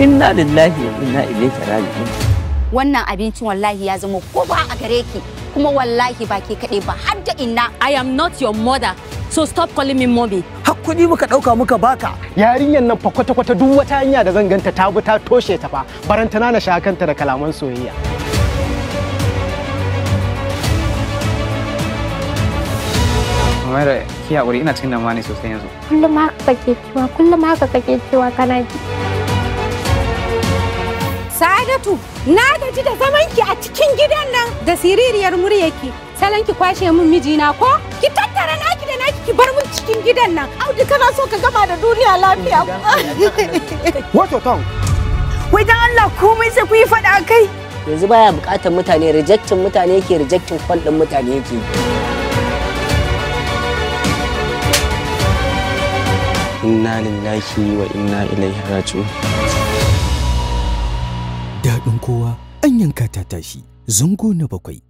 inna lillahi wa inna ilaihi raji'un wannan abincin wallahi ya zama ba a gare ki kuma wallahi ba ke kaɗai ba har da inna i am not your mother so stop calling me mommy hakuri muka ɗauka muka baka yarinyar nan fa kwata-kwata duk wata hanya da zan ganta ta bi ta toshe ta fa barantana na shakanta da kalaman soyayya Umaru ki haƙuri ina cikin damuwa ne sosai yanzu. Kullum haka kake cewa kullum haka kake cewa kana ji. Sadatu na gaji da zaman ki a cikin gidan nan da siririyar murya ki Salon ki kwashe min mijina ko? Ki tattara naki da naki ki bar mun cikin gidan nan. Audu kana so ka gama da duniya lafiya. Wato kan? Wai dan Allah komai sai ku yi faɗa kai. Yanzu baya buƙatar mutane rejectin mutane yake rejectin kwal ɗin mutane yake. Inna lillahi wa inna ilaihi raji'un. daɗin kowa an yanka ta tashi zango na bakwai